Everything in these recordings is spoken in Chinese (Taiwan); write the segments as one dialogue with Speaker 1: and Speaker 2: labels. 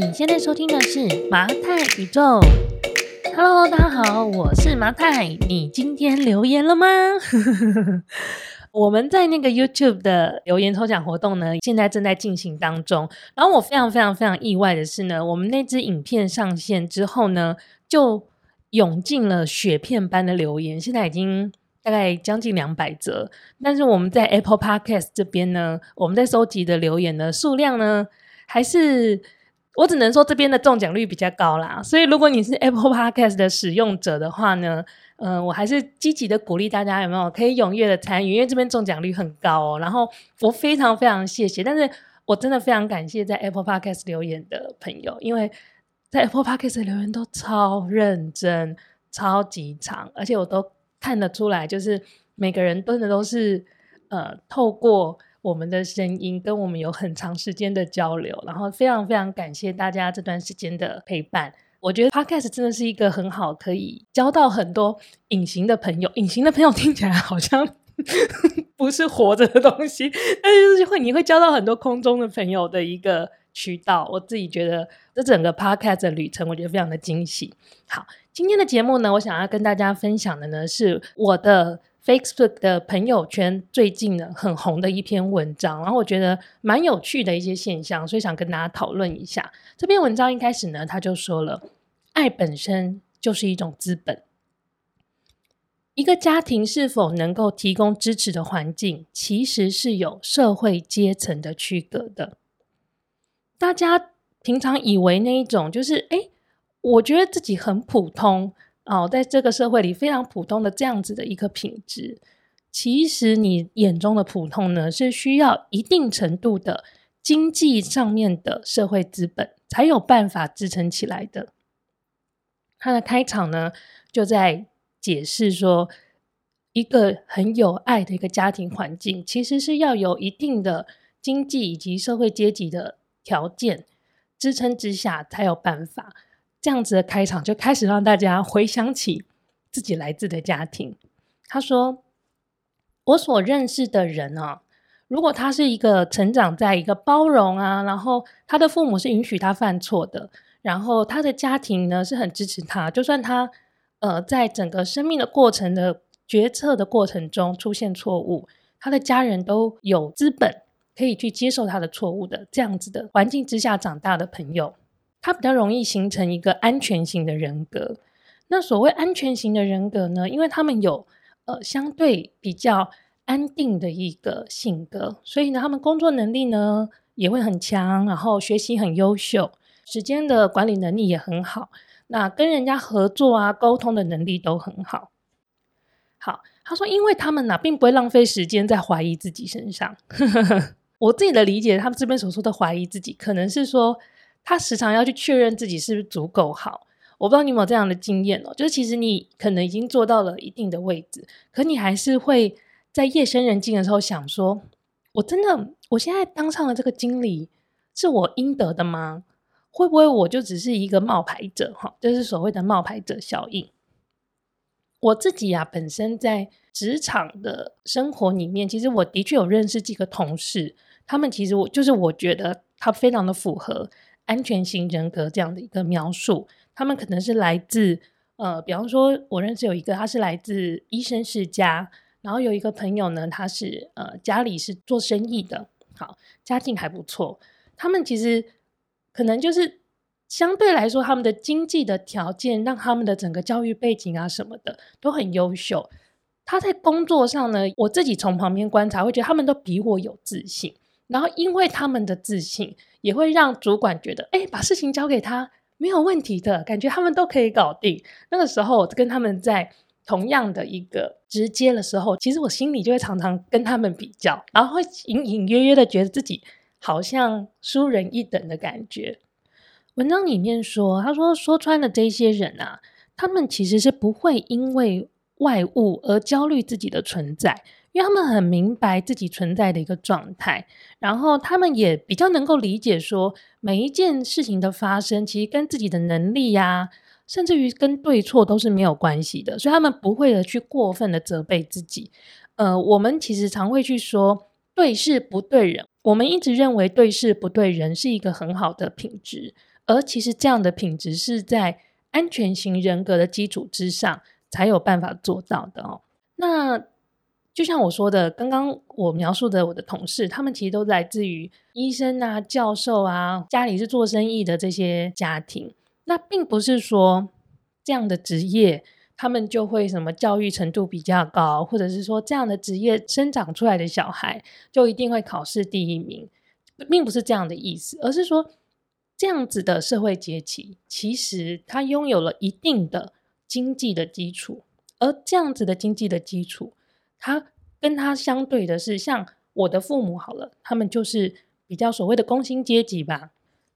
Speaker 1: 你現在收聽的是麻太宇宙。Hello，大家好，我是麻太。你今天留言了嗎？ 我們在那個 YouTube 的留言抽獎活動呢，現在正在進行當中。然後我非常非常非常意外的是呢，我們那支影片上線之後呢，就湧進了雪片般的留言，現在已經大概將近兩百則。但是我們在 Apple Podcast 這邊呢，我們在收集的留言的數量呢，還是。我只能說這邊的中獎率比較高啦，所以如果你是 Apple Podcast 的使用者的話呢，嗯、呃，我還是積極的鼓勵大家有沒有可以踴躍的參與，因為這邊中獎率很高哦。然後我非常非常謝謝，但是我真的非常感謝在 Apple Podcast 留言的朋友，因為在 Apple Podcast 留言都超認真、超級長，而且我都看得出來，就是每個人真的都是呃透過。我們的聲音跟我們有很長時間的交流，然後非常非常感謝大家這段時間的陪伴。我覺得 Podcast 真的是一個很好可以交到很多隱形的朋友，隱形的朋友聽起來好像 不是活着的東西，但是，就是會你會交到很多空中的朋友的一個渠道。我自己覺得這整個 Podcast 的旅程，我覺得非常的驚喜。好，今天的節目呢，我想要跟大家分享的呢，是我的。Facebook 的朋友圈，最近呢很紅的一篇文章，然後我覺得蠻有趣的一些現象，所以想跟大家討論一下。這篇文章一開始呢，他就說了，愛本身就是一種資本。一個家庭是否能夠提供支持的環境，其實是有社會階層的區隔的。大家平常以為那一種就是，哎、欸，我覺得自己很普通。哦，在這個社會裡，非常普通的這樣子的一個品質，其實你眼中的普通呢，是需要一定程度的經濟上面的社會資本才有辦法支撐起來的。他的開場呢，就在解釋說，一個很有愛的一個家庭環境，其實是要有一定的經濟以及社會階級的條件支撐之下才有辦法。這樣子的開場就開始讓大家回想起自己來自的家庭。他說：“我所認識的人啊，如果他是一個成長在一個包容啊，然後他的父母是允許他犯錯的，然後他的家庭呢，是很支持他，就算他呃在整個生命的過程的決策的過程中出現錯誤，他的家人都有資本可以去接受他的錯誤的，這樣子的環境之下長大的朋友。”他比較容易形成一個安全型的人格。那所謂安全型的人格呢？因為他們有呃相對比較安定的一個性格，所以呢，他們工作能力呢也會很強，然後學習很優秀，時間的管理能力也很好。那跟人家合作啊，溝通的能力都很好。好，他說，因為他們呢、啊，並不會浪費時間在懷疑自己身上。 我自己的理解，他們這邊所說的懷疑自己，可能是說。他時常要去確認自己是不是足夠好，我不知道你有沒有這樣的經驗哦。就是其實你可能已經做到了一定的位置，可你還是會在夜深人靜的時候想說：“我真的，我現在當上了這個經理，是我應得的嗎？會不會我就只是一個冒牌者？哈，就是所謂的冒牌者效應。”我自己啊，本身在職場的生活裡面，其實我的確有認識幾個同事，他們其實我就是我覺得他非常的符合。安全型人格，這樣的一個描述，他們可能是來自呃，比方說，我認識有一個，他是來自醫生世家，然後有一個朋友呢，他是呃家裡是做生意的，好，家境還不錯。他們其實可能就是相對來說，他們的經濟的條件讓他們的整個教育背景啊什麼的都很優秀。他在工作上呢，我自己從旁邊觀察，會覺得他們都比我有自信，然後因為他們的自信，也會讓主管覺得，哎、欸，把事情交給他沒有問題的感覺，他們都可以搞定。那個時候跟他們在同樣的一個直接的時候，其實我心裡就會常常跟他們比較，然後會隱隱約約的覺得自己好像輸人一等的感覺。文章裡面說，他說說穿了，這些人啊，他們其實是不會因為外物而焦慮自己的存在。因為他們很明白自己存在的一個狀態，然後他們也比較能夠理解說，每一件事情的發生其實跟自己的能力呀、啊，甚至於跟對錯都是沒有關係的，所以他們不會的去過分的責備自己。呃，我們其實常會去說對事不對人，我們一直認為對事不對人是一個很好的品質，而其實這樣的品質是在安全型人格的基礎之上才有辦法做到的哦。那就像我說的，剛剛我描述的，我的同事他們其實都來自於醫生啊、教授啊、家裡是做生意的這些家庭。那並不是說這樣的職業他們就會什麼教育程度比較高，或者是說這樣的職業生長出來的小孩就一定會考試第一名，並不是這樣的意思。而是說這樣子的社會階級其實他擁有了一定的經濟的基礎，而這樣子的經濟的基礎。他跟他相對的是，像我的父母好了，他們就是比較所謂的工薪階級吧。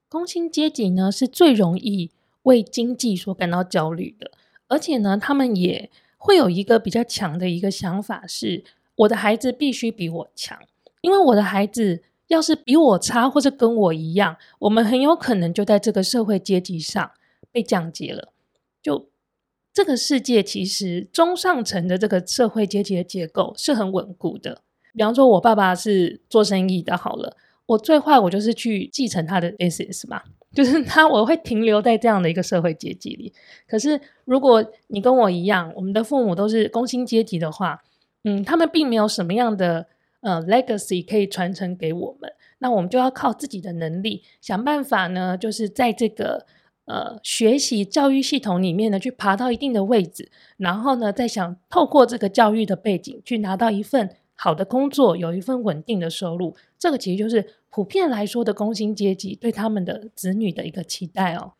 Speaker 1: 工薪階級呢是最容易為經濟所感到焦慮的，而且呢，他們也會有一個比較強的一個想法是：我的孩子必須比我強，因為我的孩子要是比我差或是跟我一樣，我們很有可能就在這個社會階級上被降級了，就。這個世界其實中上層的這個社會階級的結構是很穩固的。比方說，我爸爸是做生意的，好了，我最壞我就是去繼承他的 assets 嘛，就是他我會停留在這樣的一個社會階級裡。可是如果你跟我一樣，我們的父母都是工薪階級的話，嗯，他們並沒有什麼樣的呃 legacy 可以傳承給我們，那我們就要靠自己的能力想辦法呢，就是在這個。呃，學習教育系統裡面呢，去爬到一定的位置，然後呢，再想透過這個教育的背景去拿到一份好的工作，有一份穩定的收入，這個其實就是普遍來說的工薪階級對他們的子女的一個期待哦。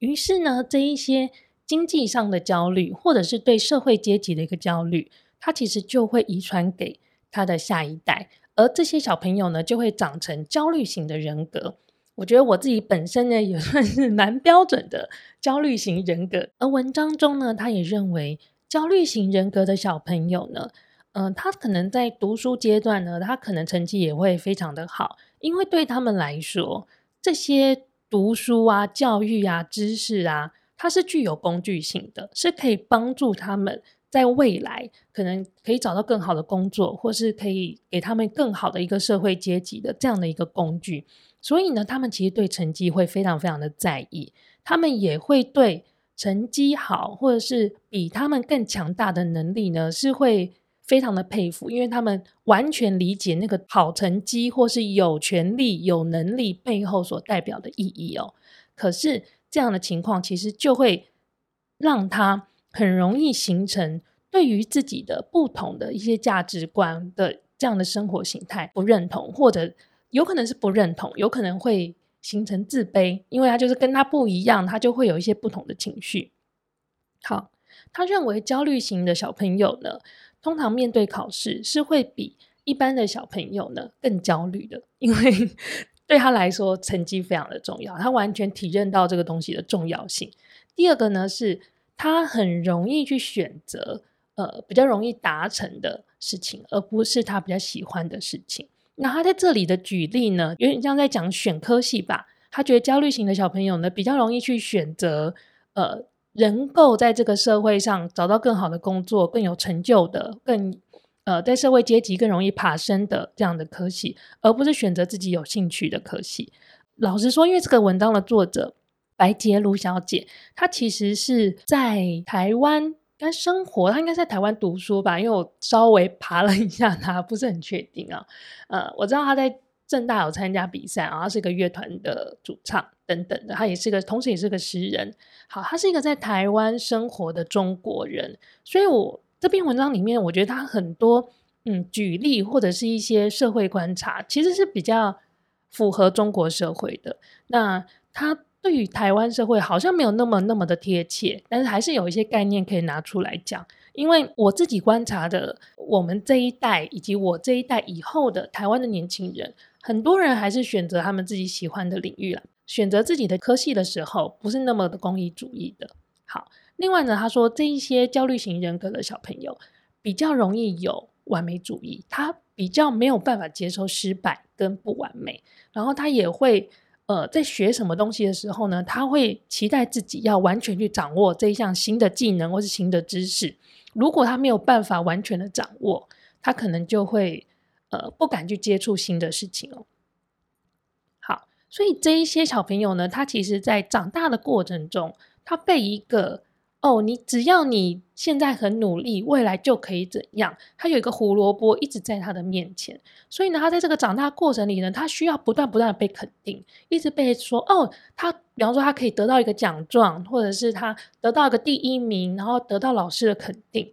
Speaker 1: 於是呢，這一些經濟上的焦慮，或者是對社會階級的一個焦慮，它其實就會遺傳給他的下一代，而這些小朋友呢，就會長成焦慮型的人格。我覺得我自己本身呢，也算是蠻標準的焦慮型人格。而文章中呢，他也認為焦慮型人格的小朋友呢，嗯、呃，他可能在讀書階段呢，他可能成績也會非常的好，因為對他們來說，這些讀書啊、教育啊、知識啊，它是具有工具性的，是可以幫助他們在未來可能可以找到更好的工作，或是可以給他們更好的一個社會階級的這樣的一個工具。所以呢，他們其實對成績會非常非常的在意，他們也會對成績好或者是比他們更強大的能力呢，是會非常的佩服，因為他們完全理解那個好成績或是有權力、有能力背後所代表的意義哦。可是這樣的情況，其實就會讓他很容易形成對於自己的不同的一些價值觀的這樣的生活形態不認同，或者。有可能是不認同，有可能會形成自卑，因為他就是跟他不一樣，他就會有一些不同的情緒。好，他認為焦慮型的小朋友呢，通常面對考試是會比一般的小朋友呢更焦慮的，因為對他來說成績非常的重要，他完全體認到這個東西的重要性。第二個呢，是他很容易去選擇呃比較容易達成的事情，而不是他比較喜歡的事情。那他在這裡的舉例呢，有點像在講選科系吧。他覺得焦慮型的小朋友呢，比較容易去選擇呃，能夠在這個社會上找到更好的工作、更有成就的、更呃在社會階級更容易爬升的這樣的科系，而不是選擇自己有興趣的科系。老實說，因為這個文章的作者白潔盧小姐，她其實是在台灣。他生活，他應該在台灣讀書吧，因為我稍微爬了一下他，他不是很確定啊。呃，我知道他在政大有參加比賽啊，然後，他是一個樂團的主唱等等的，他也是個，同時也是個詩人。好，他是一個在台灣生活的中國人，所以我這篇文章裡面，我覺得他很多嗯舉例或者是一些社會觀察，其實是比較符合中國社會的。那他。對於台灣社會好像沒有那麼那麼的貼切，但是還是有一些概念可以拿出來講。因為我自己觀察的，我們這一代以及我這一代以後的台灣的年輕人，很多人還是選擇他們自己喜歡的領域了，選擇自己的科系的時候，不是那麼的功利主義的。好，另外呢，他說這一些焦慮型人格的小朋友比較容易有完美主義，他比較沒有辦法接受失敗跟不完美，然後他也會。呃，在學什麼東西的時候呢，他會期待自己要完全去掌握這一項新的技能或是新的知識。如果他沒有辦法完全的掌握，他可能就會呃不敢去接觸新的事情哦。好，所以這一些小朋友呢，他其實在長大的過程中，他被一個。哦，你只要你現在很努力，未來就可以怎樣？他有一個胡蘿蔔一直在他的面前，所以呢，他在這個長大過程裡呢，他需要不斷不斷的被肯定，一直被說哦，他比方說他可以得到一個獎狀，或者是他得到一個第一名，然後得到老師的肯定，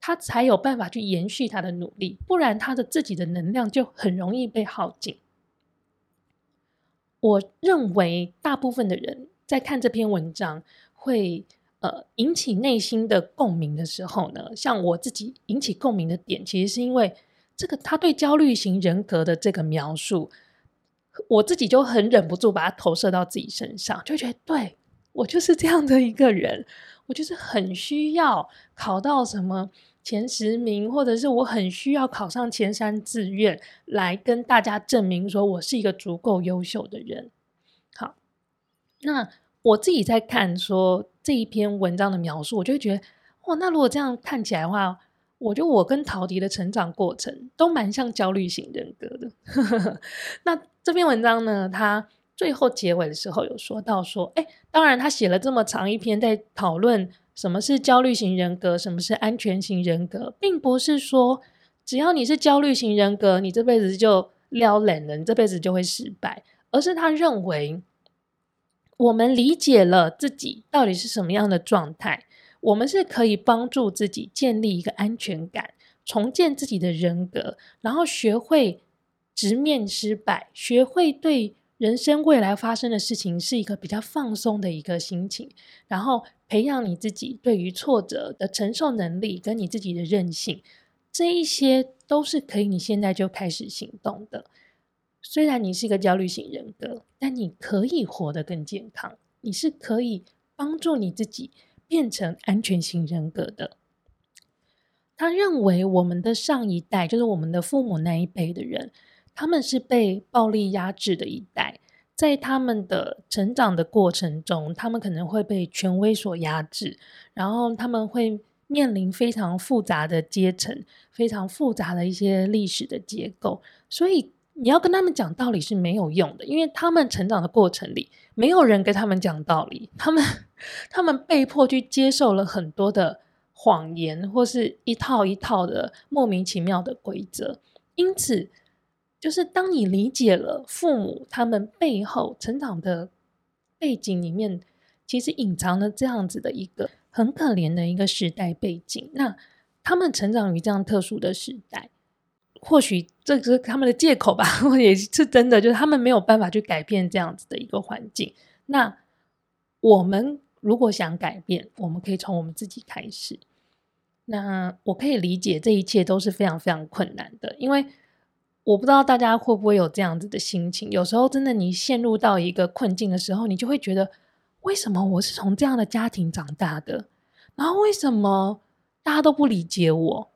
Speaker 1: 他才有辦法去延續他的努力，不然他的自己的能量就很容易被耗盡。我認為大部分的人在看這篇文章會呃，引起內心的共鳴的時候呢，像我自己引起共鳴的點，其實是因為這個他對焦慮型人格的這個描述，我自己就很忍不住把它投射到自己身上，就覺得對，我就是這樣的一個人，我就是很需要考到什麼前十名，或者是我很需要考上前三志願，來跟大家證明說我是一個足夠優秀的人。好，那我自己在看說。這一篇文章的描述，我就會覺得，哇、哦，那如果這樣看起來的話，我覺得我跟陶迪的成長過程都蠻像焦慮型人格的。 那這篇文章呢，他最後結尾的時候有說到說，哎，當然他寫了這麼長一篇在討論什麼是焦慮型人格，什麼是安全型人格，並不是說只要你是焦慮型人格，你這輩子就撩冷了，你這輩子就會失敗，而是他認為。我們理解了自己到底是什麼樣的狀態，我們是可以幫助自己建立一個安全感，重建自己的人格，然後學會直面失敗，學會對人生未來發生的事情是一個比較放鬆的一個心情，然後培養你自己對於挫折的承受能力，跟你自己的韌性，這一些都是可以你現在就開始行動的。雖然你是一個焦慮型人格，但你可以活得更健康。你是可以幫助你自己變成安全型人格的。他認為我們的上一代，就是我們的父母那一輩的人，他們是被暴力壓制的一代，在他們的成長的過程中，他們可能會被權威所壓制，然後他們會面臨非常複雜的階層、非常複雜的一些歷史的結構，所以，你要跟他們講道理是沒有用的，因為他們成長的過程裡沒有人跟他們講道理，他們他們被迫去接受了很多的謊言或是一套一套的莫名其妙的規則。因此，就是當你理解了父母他們背後成長的背景裡面，其實隱藏了這樣子的一個很可憐的一個時代背景，那他們成長於這樣特殊的時代。或許這是他們的借口吧，或者是真的，就是他們沒有辦法去改變這樣子的一個環境。那我們如果想改變，我們可以從我們自己開始。那我可以理解這一切都是非常非常困難的，因為我不知道大家會不會有這樣子的心情。有時候真的，你陷入到一個困境的時候，你就會覺得，為什麼我是從這樣的家庭長大的？然後為什麼大家都不理解我？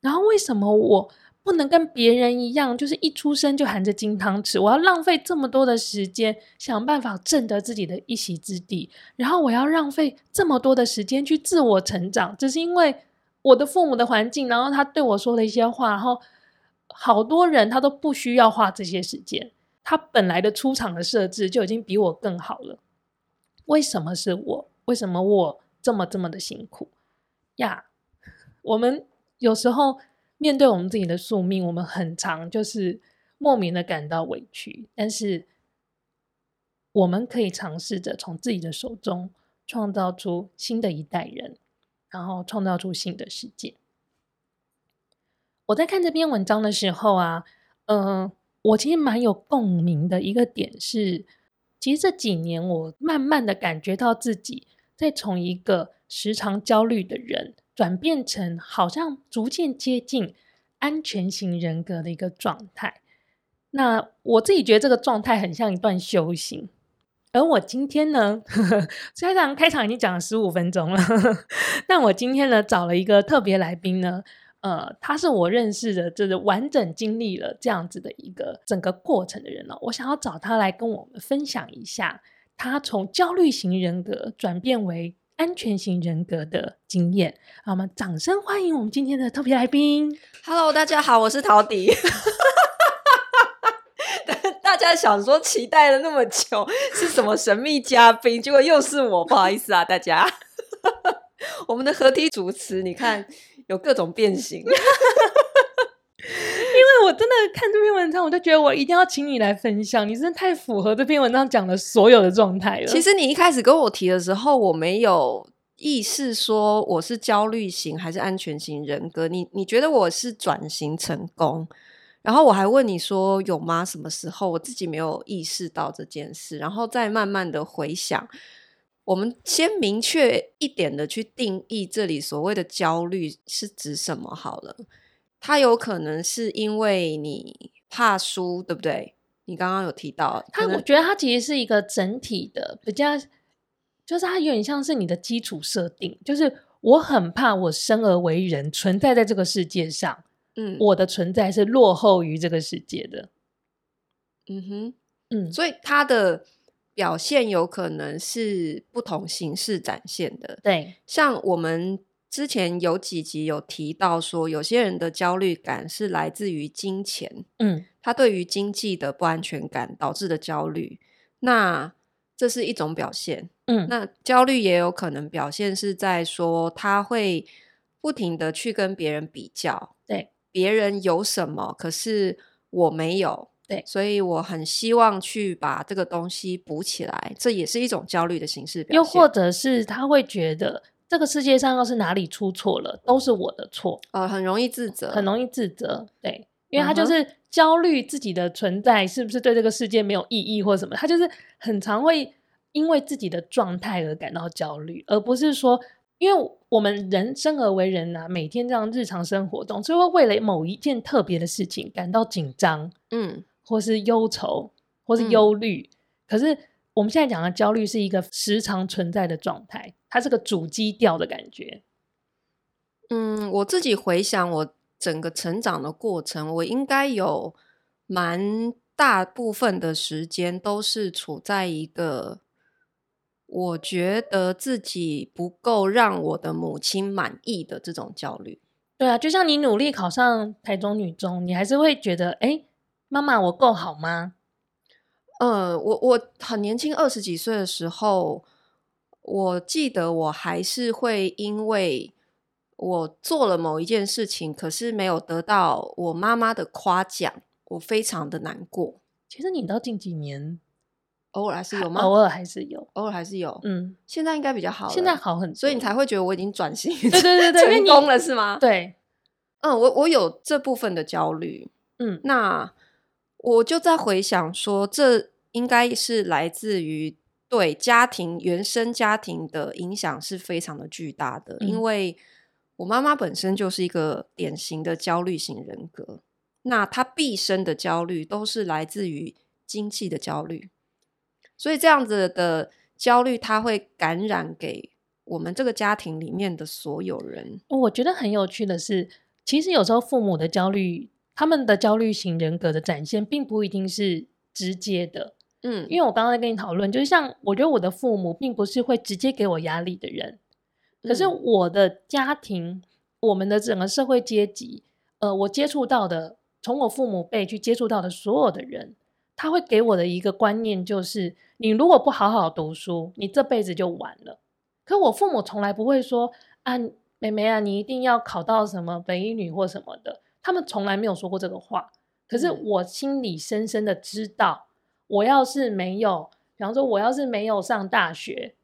Speaker 1: 然後為什麼我？不能跟別人一樣，就是一出生就含着金湯匙。我要浪費這麼多的時間，想辦法掙得自己的一席之地，然後我要浪費這麼多的時間去自我成長，只是因為我的父母的環境，然後他對我說了一些話，然後好多人他都不需要花這些時間，他本來的出場的設置就已經比我更好了。為什麼是我？為什麼我這麼這麼的辛苦呀？Yeah, 我們有時候。面對我們自己的宿命，我們很常就是莫名的感到委屈，但是我們可以嘗試着從自己的手中創造出新的一代人，然後創造出新的世界。我在看這篇文章的時候啊，嗯、呃，我其實蠻有共鳴的一個點是，其實這幾年我慢慢的感覺到自己在從一個時常焦慮的人，轉變成好像逐漸接近安全型人格的一個狀態。那我自己覺得這個狀態很像一段修行。而我今天呢，呵呵，雖然開場已經講了十五分鐘了，呵呵，但我今天呢，找了一個特別來賓呢，呃，他是我認識的，就是完整經歷了這樣子的一個整個過程的人哦、喔。我想要找他來跟我們分享一下，他從焦慮型人格轉變為安全型人格的經驗，好，我們掌聲歡迎我們今天的特別來賓。Hello，大家好，我是陶迪。
Speaker 2: 大家想說期待了那麼久是什麼神秘嘉賓？結果又是我，不好意思啊，大家。 我們的合體
Speaker 1: 主持，你看有各種變形。 我真的看這篇文章，我就覺得我一定要請你來分享。你真的太符合這篇文章講的所有的狀態了。其實
Speaker 2: 你一開始跟我提的時候，我沒有意識說我是焦慮型還是安全型人格。你你覺得我是轉型成功？然後我還問你說有嗎？什麼時候？我自己沒有意識到這件事，然後再慢慢的回想。我們先明確一點的去定義這裡所謂的焦慮是指什麼好了。他有可能是因為
Speaker 1: 你怕輸，對不對？你剛剛有提到他，它，我覺得他其實是一個整體的比較，就是他有點像是你的基礎設定，就是我很怕我生而為人存在在這個世界上，嗯，我的存在是落後於這個世界的。
Speaker 2: 嗯哼，嗯，所以他的表現有可能是不同形式展現的，對，像我們。之前有幾集有提到說，有些人的焦慮感是來自於金錢，嗯，他對於經濟的不安全感導致的焦慮，那這是一種表現，嗯，那焦慮也有可能表現是在說他會不停的去跟別人比較，對，別人有什麼，可是我沒有，對，所以我很希望去把這個東西補起來，
Speaker 1: 這也是一種焦慮的形式表現，又或者是他會覺得。這個世界上要是哪裡出錯了，都是我的錯啊、哦！很容易自責，很容易自責，對，因為他就是焦慮自己的存在是不是對這個世界沒有意義，或什麼？他就是很常會因為自己的狀態而感到焦慮，而不是說，因為我們人生而為人吶、啊，每天這樣日常生活中，最後為了某一件特別的事情感到緊張，
Speaker 2: 嗯，
Speaker 1: 或是憂愁，或是憂慮。嗯、可是我們現在講的焦慮是一個時常存在的狀態。它是個主基調的感覺。
Speaker 2: 嗯，我自己回想我整個成長的過程，我應該有蠻大部分的時間都是處在一個我覺得自己不夠讓我的母親滿意的這種焦慮。
Speaker 1: 對啊，就像你努力考上台中女中，你還是會覺得，誒，媽媽，我夠好嗎？嗯，我我很年輕，二
Speaker 2: 十幾歲的時候。我記得我還是會因為我做了某一件事情，可是沒有得到我媽媽的誇獎，我非常的難過。
Speaker 1: 其實你到近幾年，
Speaker 2: 偶爾還是有嗎？偶爾還是有，偶爾還是有。嗯，現在應該比較好，現在好很多，所以你才會覺得我已經轉型，對對對對，成功了是嗎？對，嗯，我我有這部分的焦慮。嗯，那我就在回想說，這應該是來自於。對，家庭，原生家庭的影響是非常的巨大的。嗯，因為我媽媽本身就是一個典型的焦慮型人格，那她畢生的焦慮都是來自於經濟的焦慮，所以這樣子的焦慮，它會感染給我們這個家庭裡面的所有
Speaker 1: 人。我覺得很有趣的是，其實有時候父母的焦慮，他們的焦慮型人格的展現，並不一定是直接的。嗯，因為我剛剛跟你討論，就是像我覺得我的父母並不是會直接給我壓力的人，可是我的家庭，我們的整個社會階級，呃，我接觸到的，從我父母輩去接觸到的所有的人，他會給我的一個觀念就是，你如果不好好讀書，你這輩子就完了。可我父母從來不會說啊，妹妹啊，你一定要考到什麼北一女或什麼的，他們從來沒有說過這個話。可是我心裡深深的知道。我要是沒有，比方說，我要是沒有上大學，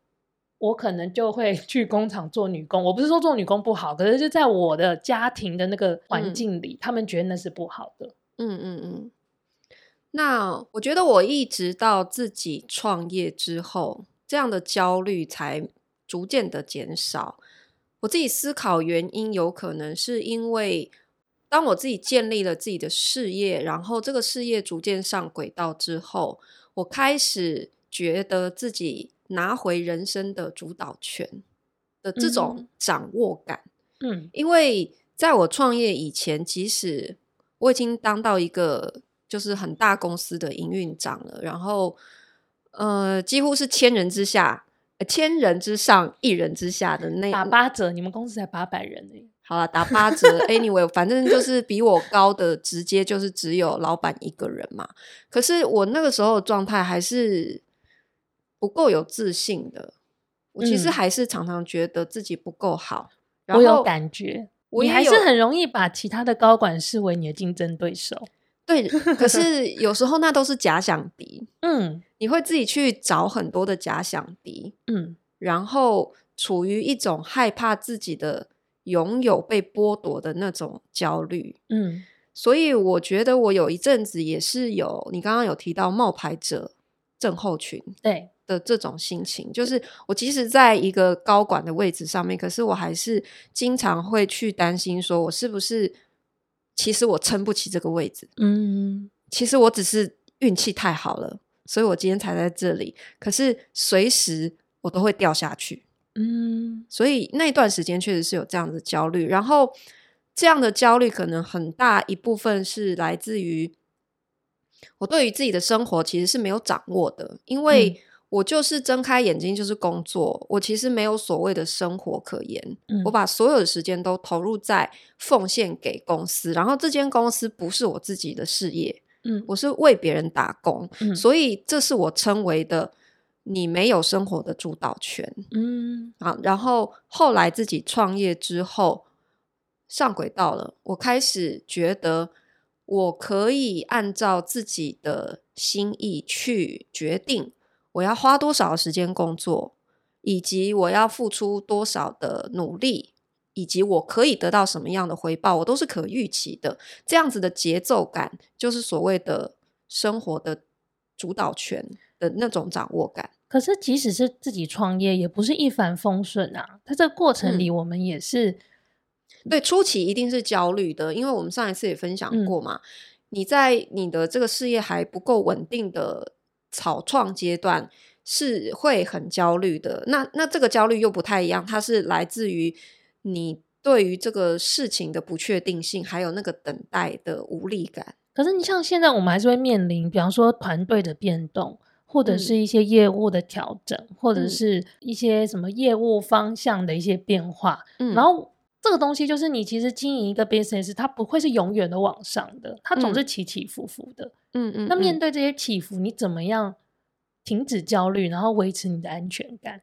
Speaker 1: 我可能就會去工廠做女工。我不是說做女工不好，可是就在我的家庭的那個環境裡，嗯，他們覺得那是不好的。嗯嗯嗯。
Speaker 2: 那我覺得，我一直到自己創業之後，這樣的焦慮才逐漸的減少。我自己思考原因，有可能是因為。當我自己建立了自己的事業，然後這個事業逐漸上軌道之後，我開始覺得自己拿回人生的主導權的這種掌握感。嗯，嗯，因為在我創業以前，即使我已經當到一個就是很大公司的營運長了，然後呃，幾乎是千人之下、千人之上、一人之下的那打八折，你們公司才八百人，欸。好了，打八折。 Anyway，反正就是比我高的，直接就是只有老闆一個人嘛。可是我那個時候的狀態還是不夠有自信的。我其實還是常常覺得自己不夠好。
Speaker 1: 嗯、然後我有感
Speaker 2: 覺，我你還是很
Speaker 1: 容易把其他的高管視為你的競爭對手。
Speaker 2: 對， 可是有時候那都是假想敵。嗯，你會自己去找很多的假想敵。嗯，然後處於一種害怕自己的。擁有被剝奪的那種焦慮，嗯，所以我覺得我有一陣子也是有你剛剛有提到冒牌者症候群，對的這種心情，就是我即使在一個高管的位置上面，可是我還是經常會去擔心，說我是不是其實我撐不起這個位置，嗯，其實我只是運氣太好了，所以我今天才在這裡，可是隨時我都會掉下去。嗯，所以那段時間確實是有這樣的焦慮，然後這樣的焦慮可能很大一部分是來自於我對於自己的生活其實是沒有掌握的，因為我就是睜開眼睛就是工作，嗯，我其實沒有所謂的生活可言，嗯，我把所有的時間都投入在奉獻給公司，然後這間公司不是我自己的事業，嗯，我是為別人打工，嗯，所以這是我稱為的。你沒有生活的主導權，嗯，好，然後後來自己創業之後上軌道了，我開始覺得我可以按照自己的心意去決定我要花多少時間工作，以及我要付出多少的努力，以及我可以得到什麼樣的回報，我都是可預期的。這樣子的節奏感就是所謂的生活的主導權。的那種掌握感，
Speaker 1: 可是即使是自己創業，也不是一帆風順啊。它這個過程裡、嗯，我們也是，對，初期一定是焦慮
Speaker 2: 的，因為我們上一次也
Speaker 1: 分享過嘛。嗯、你
Speaker 2: 在你的這個事業還不夠穩定的草創階段，是會很焦慮的。那那這個焦慮又不太一樣，它是來自於你對於這個事情的不確定性，還有那個等待的無力感。
Speaker 1: 可是你像現在，我們還是會面臨，比方說團隊的變動。或者是一些業務的調整，嗯，或者是一些什麼業務方向的一些變化。嗯，然後這個東西就是你其實經營一個 business，嗯，它不會是永遠的往上的，它總是起起伏伏的。嗯嗯，那面對這些起伏，你怎麼樣停止焦慮，然後維持你的安全感？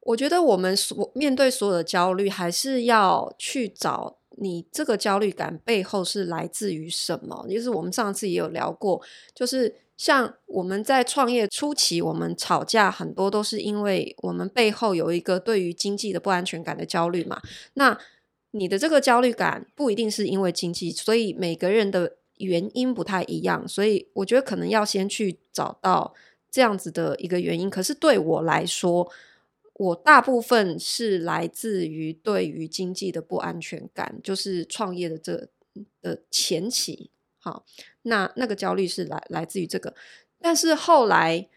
Speaker 1: 我覺得我們
Speaker 2: 所面對所有的焦慮，還是要去找，你這個焦慮感背後是來自於什麼？就是我們上次也有聊過，就是像我們在創業初期，我們吵架很多都是因為我們背後有一個對於經濟的不安全感的焦慮嘛。那你的這個焦慮感不一定是因為經濟，所以每個人的原因不太一樣。所以我覺得可能要先去找到這樣子的一個原因。可是對我來說，我大部分是來自於對於經濟的不安全感，就是創業的這個的前期，好，那那個焦慮是來來自於這個。但是後來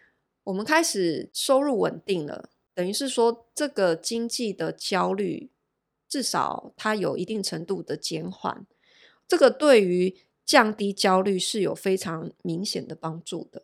Speaker 2: 我們開始收入穩定了，等於是說這個經濟的焦慮至少它有一定程度的減緩，這個對於降低焦慮是有非常明顯的幫助的。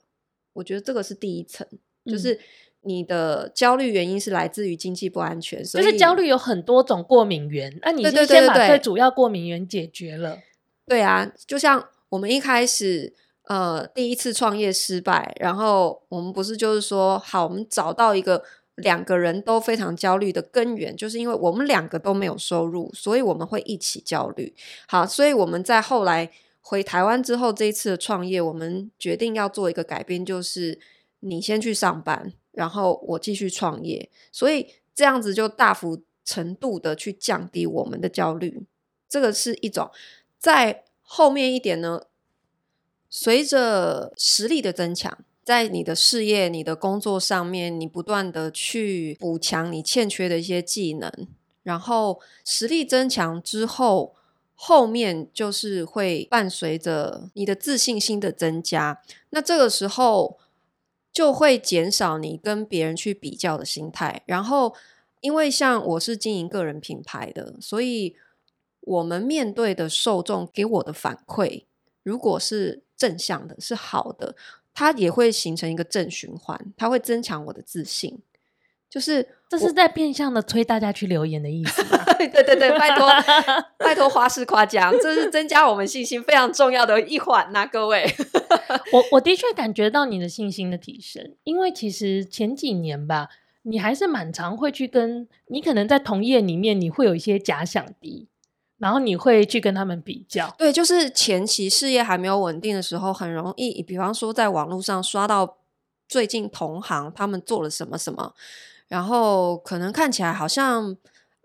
Speaker 2: 我覺得這個是第一層，就是。嗯你的焦慮原因是來自於經濟不安全，所以就是焦慮有很多種過敏源，嗯、那你就先把最主
Speaker 1: 要過敏源解決了
Speaker 2: 對對對對對。對啊，就像我們一開始，呃，第一次創業失敗，然後我們不是就是說，好，我們找到一個兩個人都非常焦慮的根源，就是因為我們兩個都沒有收入，所以我們會一起焦慮。好，所以我們在後來回台灣之後，這一次的創業，我們決定要做一個改變，就是你先去上班。然後我繼續創業，所以這樣子就大幅程度的去降低我們的焦慮。這個是一種，在後面一點呢，隨着實力的增強，在你的事業、你的工作上面，你不斷的去補強你欠缺的一些技能。然後實力增強之後，後面就是會伴隨着你的自信心的增加。那這個時候。就會減少你跟別人去比較的心態。然後，因為像我是經營個人品牌的，所以我們面對的受眾給我的反饋，如果是正向的、是好的，它也會形成一個正循環，它會增強我的自信。就是這是在變相的催大
Speaker 1: 家去留言的意思。
Speaker 2: 對對對，拜託拜託，花，花式誇獎，這是增加我們信心非常重要的一環啊，各位。
Speaker 1: 我我的確感覺到你的信心的提升，因為其實前幾年吧，你還是蠻常會去跟你可能在同業裡面，你會有一些假想敵，然後你會去跟他們比較。對，
Speaker 2: 就是前期事業還沒有穩定的時候，很容易，比方說在網絡上刷到最近同行他們做了什麼什麼。然後可能看起來好像，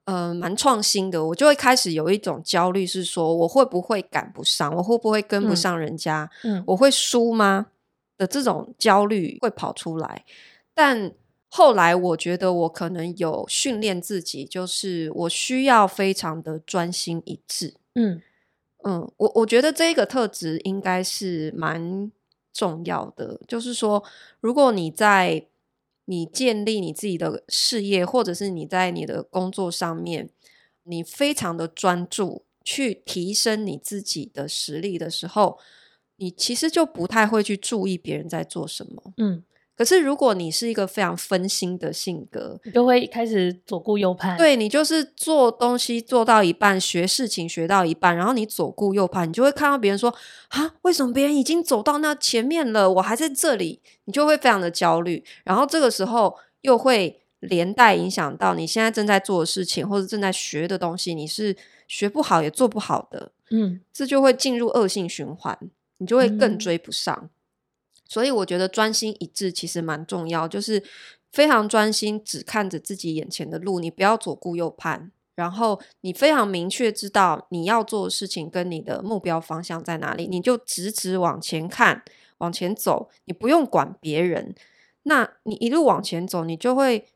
Speaker 2: 嗯、呃，蠻創新的，我就會開始有一種焦慮，是說我會不會趕不上，我會不會跟不上人家、嗯嗯，我會輸嗎？的這種焦慮會跑出來。但後來我覺得我可能有訓練自己，就是我需要非常的專心一致。嗯嗯，我我覺得這一個特質應該是蠻重要的，就是說如果你在。你建立你自己的事業，或者是你在你的工作上面，你非常的專注去提升你自己的實力的時候，你其實就不太會去注意別人在做什麼。嗯。可是，如果你是一個非常分心的性格，你就會開始左顧右盼。對，你就是做東西做到一半，學事情學到一半，然後你左顧右盼，你就會看到別人說：“啊，為什麼別人已經走到那前面了，我還在這裡？”你就會非常的焦慮，然後這個時候又會連帶影響到你現在正在做的事情或者正在學的東西，你是學不好也做不好的。嗯，這就會進入惡性循環，你就會更追不上。嗯。所以我覺得專心一致其實蠻重要，就是非常專心，只看着自己眼前的路，你不要左顧右盼。然後你非常明確知道你要做的事情跟你的目標方向在哪裡，你就直直往前看，往前走，你不用管別人。那你一路往前走，你就會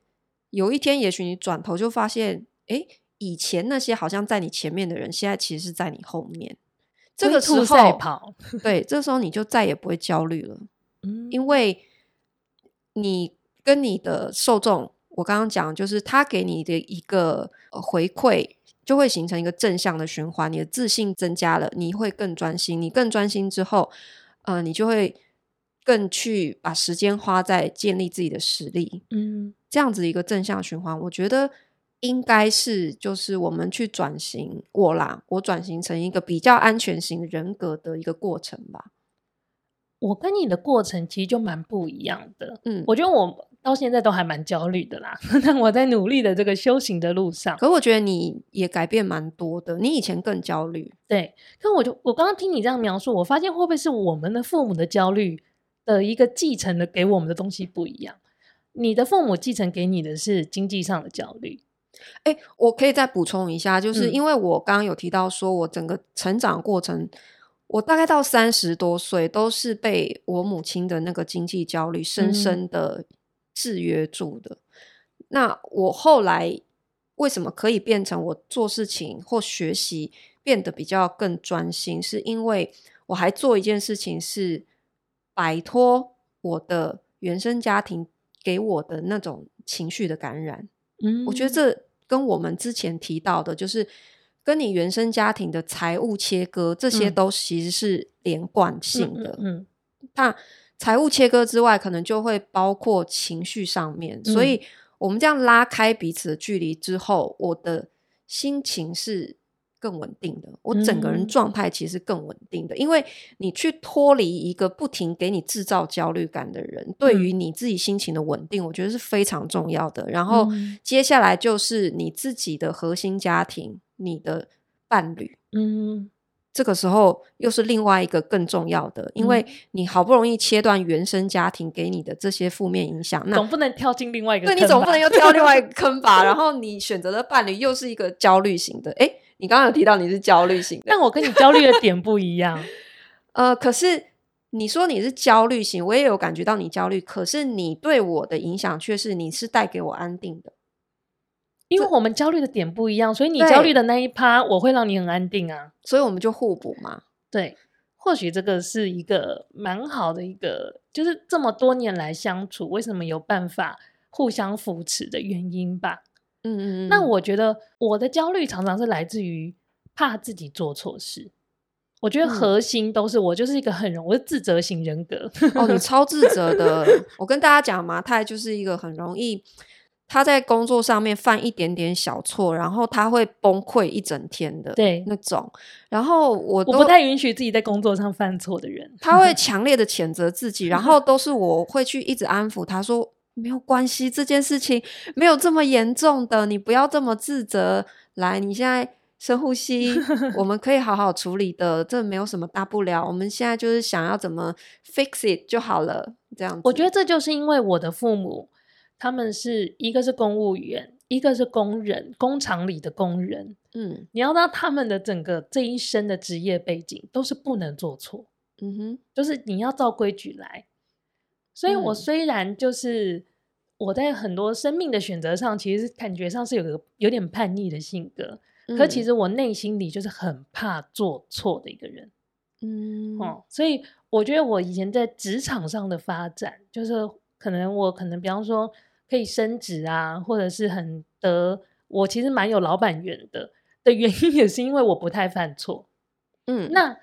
Speaker 2: 有一天，也許你轉頭就發現，誒，以前那些好像在你前面的人，現在其實是在你後面。
Speaker 1: 這個龜兔賽跑，
Speaker 2: 對，這時候你就再也不會焦慮了。嗯，因為你跟你的受眾，我剛剛講，就是他給你的一個回饋，就會形成一個正向的循環。你的自信增加了，你會更專心，你更專心之後，呃，你就會更去把時間花在建立自己的實力。嗯，這樣子一個正向循環，我覺得應該是就是我們去轉型我啦，我轉型成一個比較安全型
Speaker 1: 人格的一個過程吧。我跟你的過程其實就蠻不一樣的，嗯，我覺得我到現在都還蠻焦慮的啦，但我在努力的這個修行的路上。可我覺得你也改變蠻多的，你以前更焦慮，對。可我就我剛剛聽你這樣描述，我發現會不會是我們的父母的焦慮的一個繼承的給我們的東西不一樣？你的父母繼承給你的是經濟上的焦慮。
Speaker 2: 欸，我可以再補充一下，就是因為我剛剛有提到說我整個成長過程。嗯我大概到三十多歲，都是被我母親的那個經濟焦慮深深的制約住的。嗯。那我後來為什麼可以變成我做事情或學習變得比較更專心，是因為我還做一件事情是擺脫我的原生家庭給我的那種情緒的感染。嗯，我覺得這跟我們之前提到的，就是。跟你原生家庭的財務切割，這些都其實是連貫性的。
Speaker 1: 嗯，
Speaker 2: 那、嗯、財、嗯嗯、務切割之外，可能就會包括情緒上面。嗯、所以，我們這樣拉開彼此的距離之後，我的心情是更穩定的，我整個人狀態其實更穩定的、嗯。因為你去脫離一個不停給你製造焦慮感的人，嗯、對於你自己心情的穩定，我覺得是非常重要的。嗯、然後，接下來就是你自己的核心家庭。你的伴侶，嗯，這個時候又是另外一個更重要的、嗯，因為你好不容易切斷原生家庭給你的這些負面影響，嗯、那總不
Speaker 1: 能跳進另外一個坑，對，你總不能又跳另外一個坑吧？ 然後你選擇
Speaker 2: 的伴侶又是一個焦慮型的，誒，你剛剛有提到你是焦慮型的，但我跟你焦慮的點不一樣， 呃，可是你說你是焦慮型，我也有感覺到你焦慮，可是你對我的影響卻是你是帶給我安定的。
Speaker 1: 因為我們焦慮的點不一樣，所以你焦慮的那一趴我會讓你很安定啊，所以我們就互補嘛。對，或許這個是一個蠻好的一個，就是這麼多年來相處，為什麼有辦法互相扶持的原因吧。嗯嗯，嗯，那我覺得我的焦慮常常是來自於怕自己做錯事，我覺得核心都是、嗯、我就是一個很容易，我是自責型人格，哦、 你超自責的。
Speaker 2: 我跟大家講，麻太就是一個很容易。他在工作上面犯一點點小錯，然後他會崩潰一整天的，對那種。然後我都我不太
Speaker 1: 允許自己在工作上犯錯的人， 他會
Speaker 2: 強烈的譴責自己，然後都是我會去一直安撫他， 安撫他說沒有關係，這件事情沒有這麼嚴重的，你不要這麼自責。來，你現在深呼吸， 我們可以好好處理的，這沒有什麼大不了。我們現在就是想要怎麼 fix it 就好了，這樣子。我覺得這就
Speaker 1: 是因為我的父母，他們是一個是公務員，一個是工人，工廠裡的工人。嗯，你要知道他們的整個這一生的職業背景都是不能做錯。嗯哼，就是你要照規矩來。所以我雖然就是我在很多生命的選擇上，其實感覺上是有個有點叛逆的性格，嗯，可其實我內心裡就是很怕做錯的一個人。嗯，哦，所以我覺得我以前在職場上的發展，就是可能我可能比方說，可以升職啊，或者是很得我其實蠻有老闆緣的的原因，也是因為我不太犯錯。嗯，那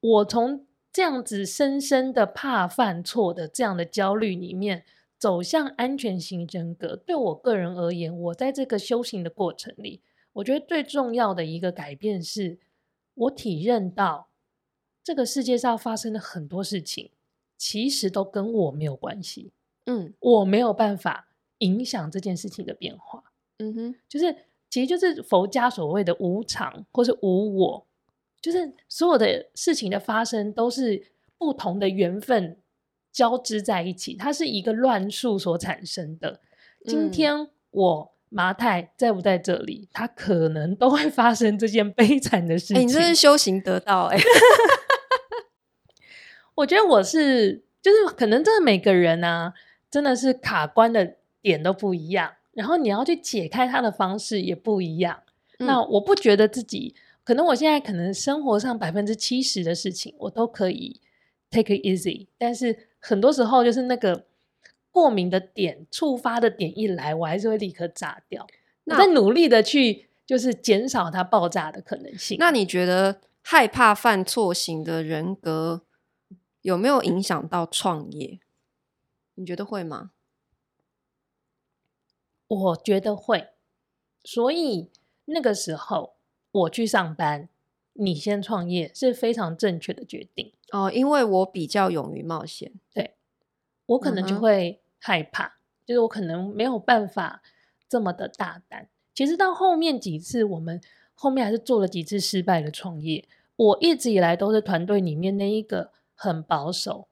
Speaker 1: 我從這樣子深深的怕犯錯的這樣的焦慮裡面，走向安全型人格。對我個人而言，我在這個修行的過程裡，我覺得最重要的一個改變是，我體認到這個世界上發生的很多事情，其實都跟我沒有關係。嗯，我沒有辦法。影響這件事情的變化，嗯哼，就是其實就是佛家所謂的無常，或是無我，就是所有的事情的發生都是不同的緣分交織在一起，它是一個亂數所產生的。嗯、今天我麻太在不在這裡，它可能都會發生這件悲慘的事情。欸、你這是修行得道哎。欸， 我覺得我是就是可能真的每個人呢、啊，真的是卡關的，點都不一樣，然後你要去解開它的方式也不一樣。嗯，那我不覺得自己，可能我現在可能生活上百分之七十的事情我都可以 take it easy，但是很多時候就是那個過敏的點，觸發的點一來，我還是會立刻炸掉。那在努力的去就是減少它爆炸的可能性。那你覺得害怕犯錯
Speaker 2: 型的人格有沒有影響到創業？嗯。你覺
Speaker 1: 得會嗎？我覺得會，所以那個時候我去上班，你先創業是非常正確的決定哦，因為我比較勇於冒險。對，我可能就會害怕，啊，就是我可能沒有辦法這麼的大膽。其實到後面幾次，我們後面還是做了幾次失敗的創業。我一直以來都是團隊裡面那一個很保守，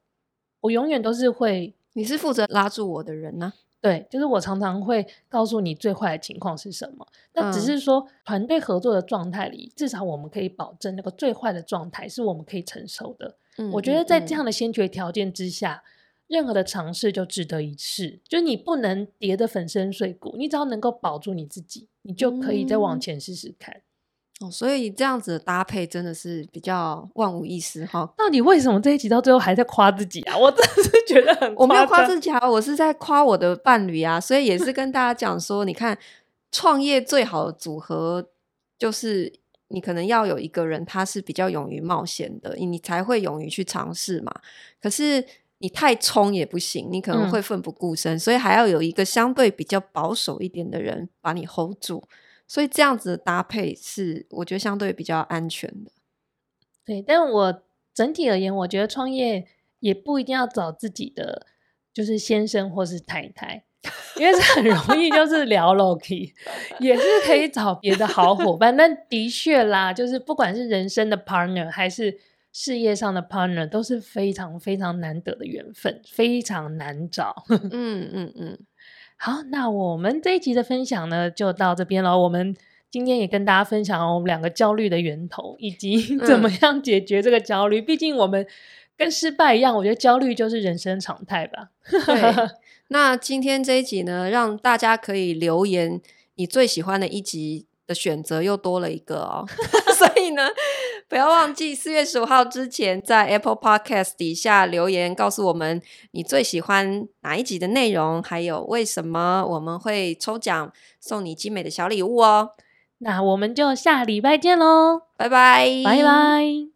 Speaker 1: 我永遠都是會，你是負責拉住我的人呢，啊。對，就是我常常會告訴你最壞的情況是什麼？那、嗯、只是說團隊合作的狀態裡，至少我們可以保證那個最壞的狀態是我們可以承受的、嗯。我覺得在這樣的先決條件之下，嗯嗯、任何的嘗試就值得一試。就你不能跌得粉身碎骨，你只要能夠保住你自己，你就可以再往前試試看。嗯哦，所以這樣子的搭配真的是比較萬
Speaker 2: 無一失哈。
Speaker 1: 那你為什麼這一集到最後還在誇自己啊？我真的是覺得很……我沒有誇自己啊，
Speaker 2: 我是在誇我的伴侶啊。所以也是跟大家講說， 你看創業最好的組合就是你可能要有一個人，他是比較勇於冒險的，你才會勇於去嘗試嘛。可是你太衝也不行，你可能會奮不顧身，嗯，所以還要有一個相對比較保守一點的人把你 hold 住。所以這樣子的搭配是，我覺得相對比較安全的。對，但我
Speaker 1: 整體而言，我覺得創業也不一定要找自己的，就是先生或是太太， 因為這很容易就是聊樓梯， 也是可以找別的好夥伴。 但的確啦，就是不管是人生的 partner 還是事業上的 partner，都是非常非常難得的緣分，非常難找。嗯 嗯嗯。嗯嗯好，那我們這一集的分享呢，就到這邊了。我們今天也跟大家分享我們兩個焦慮的源頭，以及怎麼樣解決這個焦慮。嗯，畢竟我們跟失敗一樣，我覺得焦慮就是人生常態吧。對，
Speaker 2: 那今天這一集呢，讓大家可以留言你最喜歡的一集的選擇，又多了一個哦。 所以呢。不要忘記四月十五號之前，在 Apple Podcast 底下留言告訴我們你最喜歡哪一集的內容，還有為什麼我們會抽獎送你精美的小禮物哦。
Speaker 1: 那我們就下禮拜見嘍，拜拜，拜拜。